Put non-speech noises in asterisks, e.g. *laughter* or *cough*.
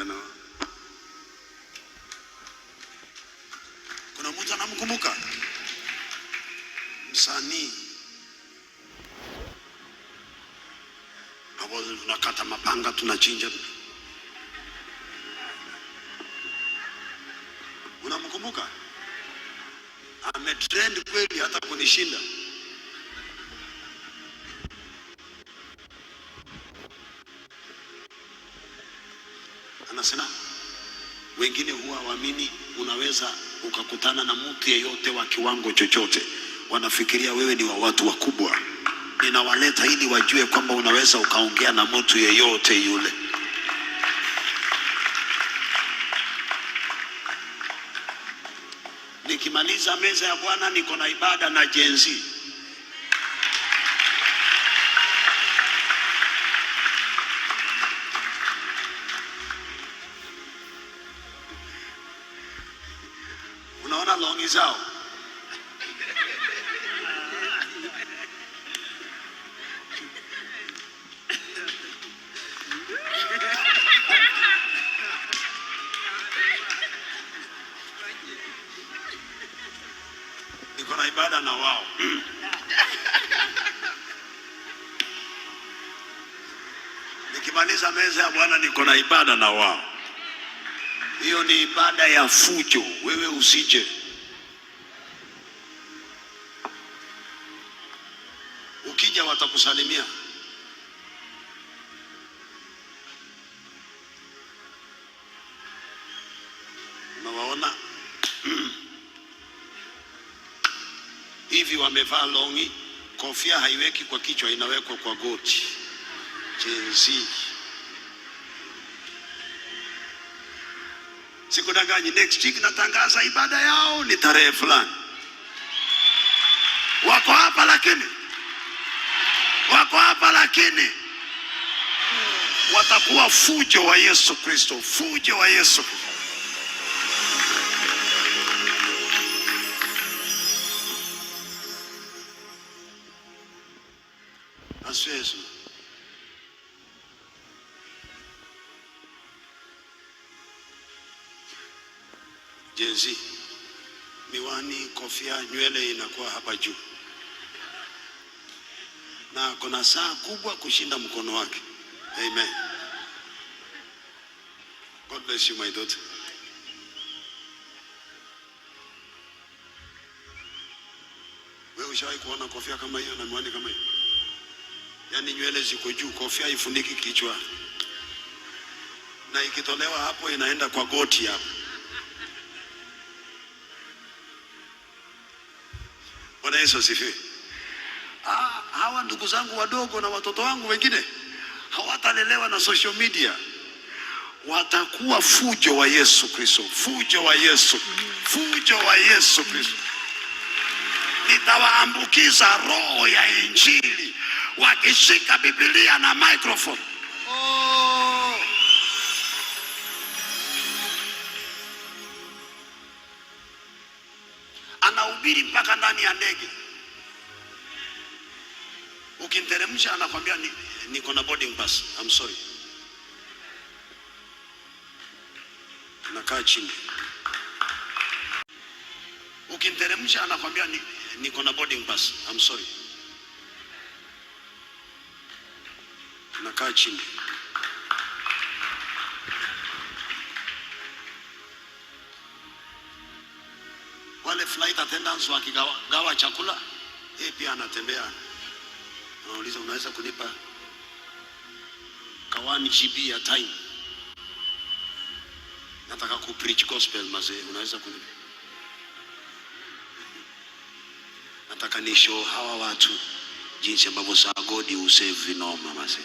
kijana wao. Kuna mtu anamkumbuka msanii hapo? tunakata mapanga tunachinja? Unamkumbuka? Ametrend kweli hata kunishinda. na sina. Wengine huwa waamini, unaweza ukakutana na mtu yeyote wa kiwango chochote, wanafikiria wewe ni wa watu wakubwa. Ninawaleta ili wajue kwamba unaweza ukaongea na mtu yeyote yule. Nikimaliza meza ya Bwana niko na ibada na jenzi wanaona longi zao niko na ibada na wao nikimaliza meza ya Bwana niko na ibada na wao. Hiyo ni ibada ya fujo, wewe usije wakija watakusalimia. Unawaona *clears throat* hivi wamevaa longi, kofia haiweki kwa kichwa, inawekwa kwa goti. Jenzi, sikudanganyi. Next week natangaza ibada yao ni tarehe fulani, wako hapa lakini wako hapa, lakini watakuwa fujo wa Yesu Kristo, fujo wa Yesu. Yesu jezi, miwani, kofia, nywele inakuwa hapa juu na ako na saa kubwa kushinda mkono wake. Amen. God bless you my daughter. Wewe ushawahi kuona kofia kama hiyo na miwani kama hiyo? Yaani nywele ziko juu, kofia ifuniki kichwa, na ikitolewa hapo inaenda kwa goti hapo. Bwana Yesu asifiwe hawa ndugu zangu wadogo na watoto wangu wengine hawatalelewa na social media, watakuwa fujo wa Yesu Kristo, fujo wa Yesu, fujo wa Yesu Kristo. Nitawaambukiza roho ya Injili wakishika Biblia na microphone. Oh. Anahubiri mpaka ndani ya ndege. Ukimteremsha anakwambia niko na boarding pass. I'm sorry. Nakaa chini. Ukimteremsha anakwambia niko na boarding pass. I'm sorry. Nakaa chini. Wale flight attendants wakigawa gawa chakula, yeye pia anatembea. Unauliza, unaweza kunipa kawani GB ya time? Nataka ku preach gospel mazee, unaweza kunipa? Nataka ni show hawa watu jinsi ambavyo saa godi usave vinoma mazee.